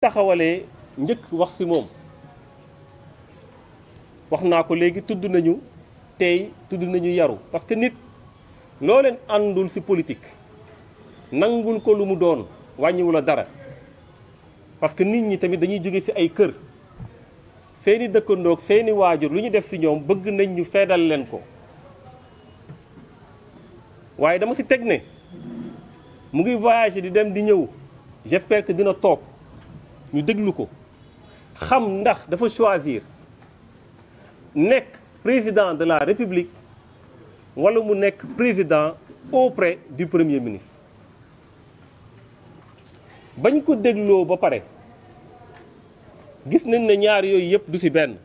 taxawalee njëkk wax ci moom wax naa ko léegi tudd nañu tey tudd nañu yaru parce que nit loo leen àndul ci politique nangul ko lu mu doon wàññiwu la dara parce que nit ñi tamit dañuy jóge ci ay kër seeni dëkkandoog seeni waajur lu ñu def ci ñoom bëgg nañ ñu feddal leen ko waaye dama ci teg ne mu ngi voyager di dem di ñëw j'espère que dina toog ñu déglu ko xam ndax dafa choisir nekk président de la république wala mu nekk président auprès du premier ministre bañ ko dégloo ba pare gis nañ ne ñaar yooyu yëpp du ci benn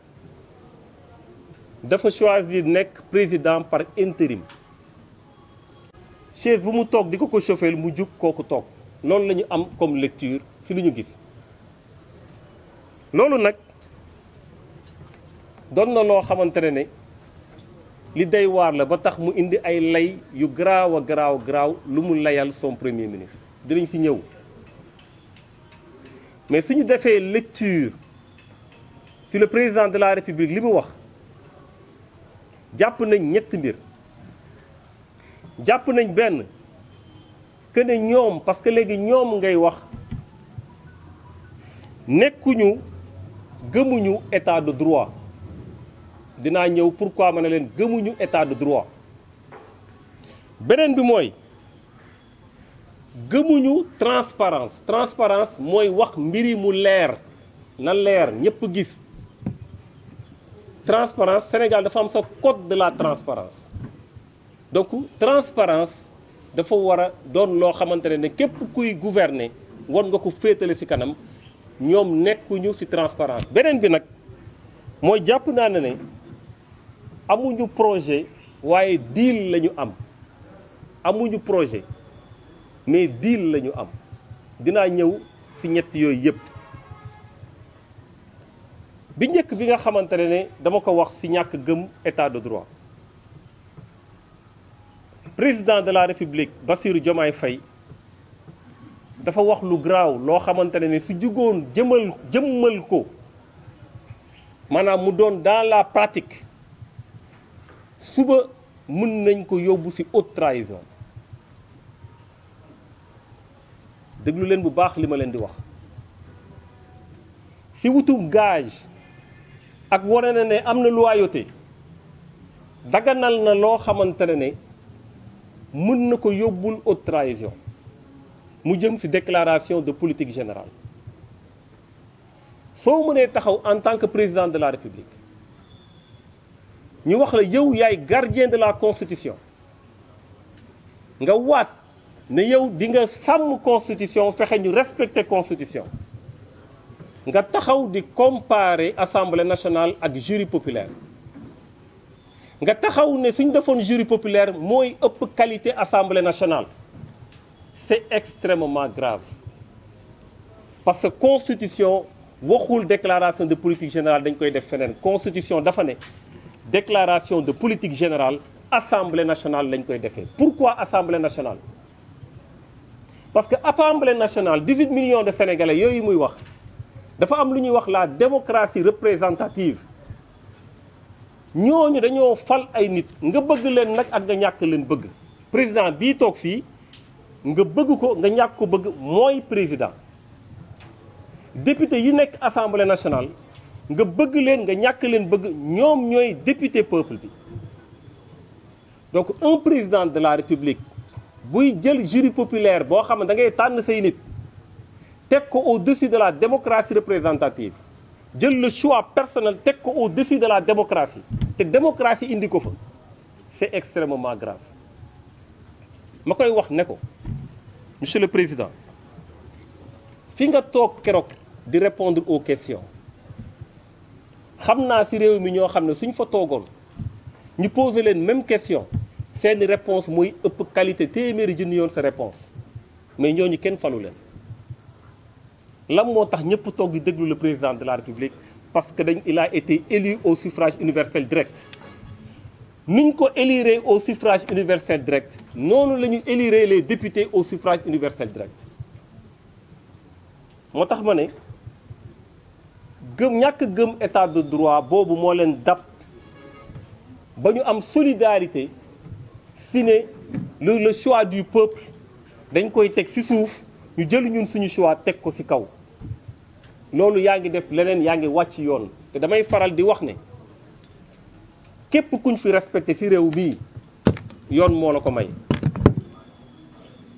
dafa choisir nekk président par intérim chaise bu mu toog di ko ko chauffeel mu jug kooku toog loolu la ñu am comme lecture ci lu ñu gis loolu nag doon na loo xamante ne ne li day waar la ba tax mu indi ay lay yu garaaw a garaaw garaaw lu mu layal son premier ministre dinañ fi ñëw mais suñu defee lecture si le président de la république li mu wax jàpp nañ ñetti mbir jàpp nañ benn que ne ñoom parce que léegi ñoom ngay wax nekkuñu gëmuñu état de droit dinaa ñëw pourquoi ma ne leen gëmuñu état de droit beneen bi mooy gëmuñu transparence transparence mooy wax mbiri mu leer na leer ñëpp gis transparence Sénégal dafa am sa code de la transparence donc transparence dafa war a doon loo xamante ne képp kuy gouverner war nga ko féetale ci kanam ñoom nekkuñu ci transparence beneen bi nag mooy jàpp naa ne ne amuñu projet waaye diil la ñu am amuñu projet mais deal la ñu am dinaa ñëw ci ñett yooyu yépp bi njëkk bi nga xamante ne ne dama ko wax ci ñàkk gëm état de droit président de la république Bassirou Diomaye Faye dafa wax lu graaw loo xamante ne ni su jugoon jëmal jëmmal ko maanaam mu doon dans la pratique suba mën nañ ko yóbbu ci haute trahison déglu leen bu baax li ma leen di wax ci wutum gage ak wane na ne am na loyauté daganal na loo xamante ne ne mën na ko yóbbul haute trahison mu jëm ci déclaration de politique générale soo mënee taxaw en tant que président de la république ñu wax la yow yaay gardien de la constitution nga waat ne yow di nga sàmm constitution fexe ñu respecter constitution nga taxaw di comparer assemblée nationale ak juri populaire nga taxaw ne suñ defoon jury populaire mooy ëpp qualité assemblée nationale c'est extrêmement grave parce que constitution waxul déclaration de politique générale dañ koy def feneen constitution dafa ne déclaration de politique générale assemblée nationale lañ koy defee pourquoi assemblée nationale parce que assemblée nationale 18 million de sénégalais yooyu muy wax dafa am lu ñuy wax la démocratie représentative ñooñu dañoo fal ay nit nga bëgg leen nag ak nga ñàkk leen bëgg président bii toog fii nga bëgg ko nga ñàkk ko bëgg mooy président député yi nekk assemblée nationale nga bëgg leen nga ñàkk leen bëgg ñoom ñooy député peuple bi donc un président de la république buy jël juris populaire boo xam ne da ngay tànn say nit teg ko au desis de la démocratie représentative jël le choix personnel teg ko au-dessus de la démocratie te démocratie indi ko fa c'est extrêmement grave ma koy wax ne ko monsieur le président fi nga toog keroog di répondre au question xam naa ci réew mi ñoo xam ne suñ fa toogoon ñu pose leen même question seeni réponse mooy ëpp qualité téeméeri junni yoon sa réponse mais ñooñu kenn falu leen lan moo tax ñëpp toog di déglu la président de la république parce que dañ il a été élu au suffrage universel direct nuñ ko éliré au suffrage universel direct noonu la ñu éliré les députés au suffrage universel direct moo tax ma ne gëm ñàkk gëm état de droit boobu moo leen dab ba ñu am solidarité si ne le le choix du peuple dañ koy teg ci suuf ñu jël ñun suñu choix teg ko ci kaw loolu yaa ngi def leneen yaa ngi wàcc yoon te damay faral di wax ne képp ku kuñ fi respecté ci réew mii yoon moo la ko may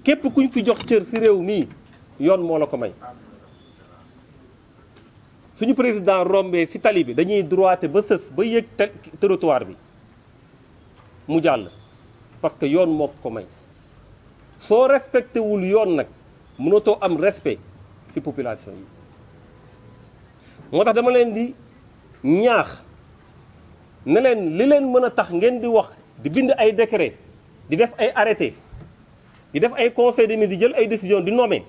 képp kuñ fi jox cër ci réew mii yoon moo la ko may suñu président rombee ci tali bi dañuy droité ba sës ba yëg trottoir bi mu jàll parce que yoon moo ko may soo respecté wul yoon nag mënatoo am respect ci population yi moo tax dama leen di ñaax neleen li leen mën a tax ngeen di wax di bind ay décret di def ay arrêté di def ay conseil des ministres di jël ay décision di nommer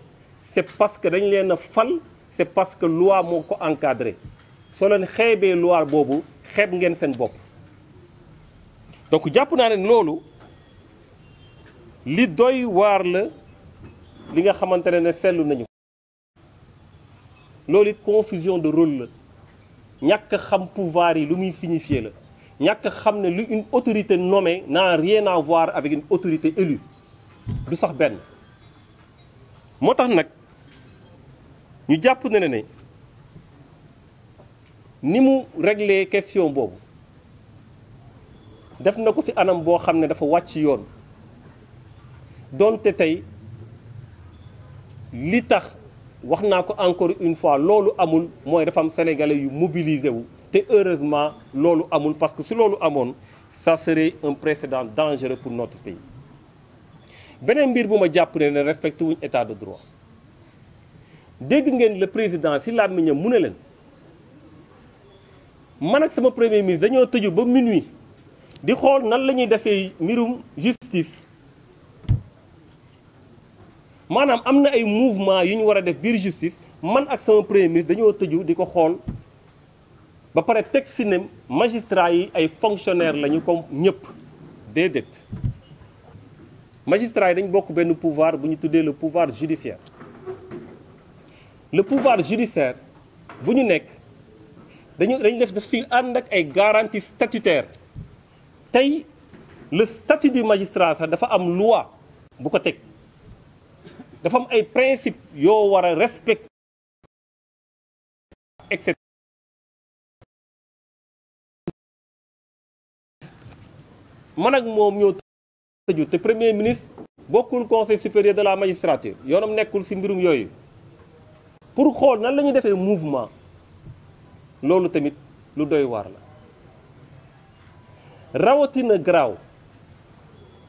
c' est parce que dañ leen a fal c' est parce que loi moo ko encadré soo leen xeebee loi boobu xeeb ngeen seen bopp donc jàpp naa ne loolu li doy waar la li nga xamante ne ne seetlu nañu loolu it confusion de rôle la ñàkk xam pouvoir yi lu muy signifier la ñàkk xam ne lu une autorité nommée n'a rien à voir une autorité élue du sax benn moo tax nag ñu jàpp ne ne ne ni mu régler question boobu def na ko ci anam boo xam ne dafa wàcc yoon donte tey li tax wax naa ko encore une fois loolu amul mooy dafa am sénégalais yu mobilisé wu te heureusement loolu amul parce que su loolu amoon ça serait un précédent dangereux pour notre pays beneen mbir bu ma jàpp ne ne respecté wuñ état de droit dégg ngeen la président si làmmiñam mu ne leen man ak sama premier ministre dañoo tëju ba minuit di xool nan la ñuy defee mbirum justice maanaam am na ay mouvement yu ñu war a def biir justice man ak sama premier ministre dañoo tëju di ko xool ba pare teg si ne magistrat yi ay fonctionnaire lañu comme ñëpp déedéet magistrat yi dañ bokk benn pouvoir bu ñu tuddee le pouvoir judiciaire le pouvoir judiciaire bu ñu nekk dañu dañu def daf si ànd ak ay garantie statutaire tey le statut du magistrat sax dafa am loi bu ko teg dafa am ay principe yoo war a respecter etc man ak moom ñoo tëju te premier ministre bokkul conseil supérieur de la magistrature yoonam nekkul ci mbirum yooyu pour xool nan la ñuy defee mouvement loolu tamit lu doy waar la rawatina garaaw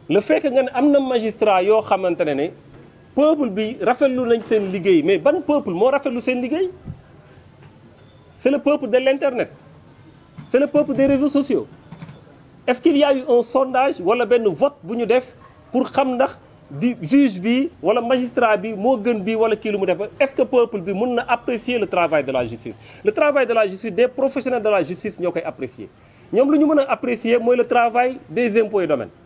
le fekk que nga ne am na magistrat yoo xamante ne ne peuple bi rafetlu nañ seen liggéey mais ban peuple moo rafetlu seen liggéey c'est le peuple de l'internet c'est le peuple des réseaux sociaux est-ce qu'il y a eu un sondage wala benn vote bu ñu def pour xam ndax di juge bi wala magistrat bi moo gën bi wala kii lu mu def est-ce que peuple bi mun na apprécier le travail de la justice le travail de la justice des professionnels de la justice ñoo koy apprécier ñoom lu ñu mën a apprécier mooy le travail des impôts et domaines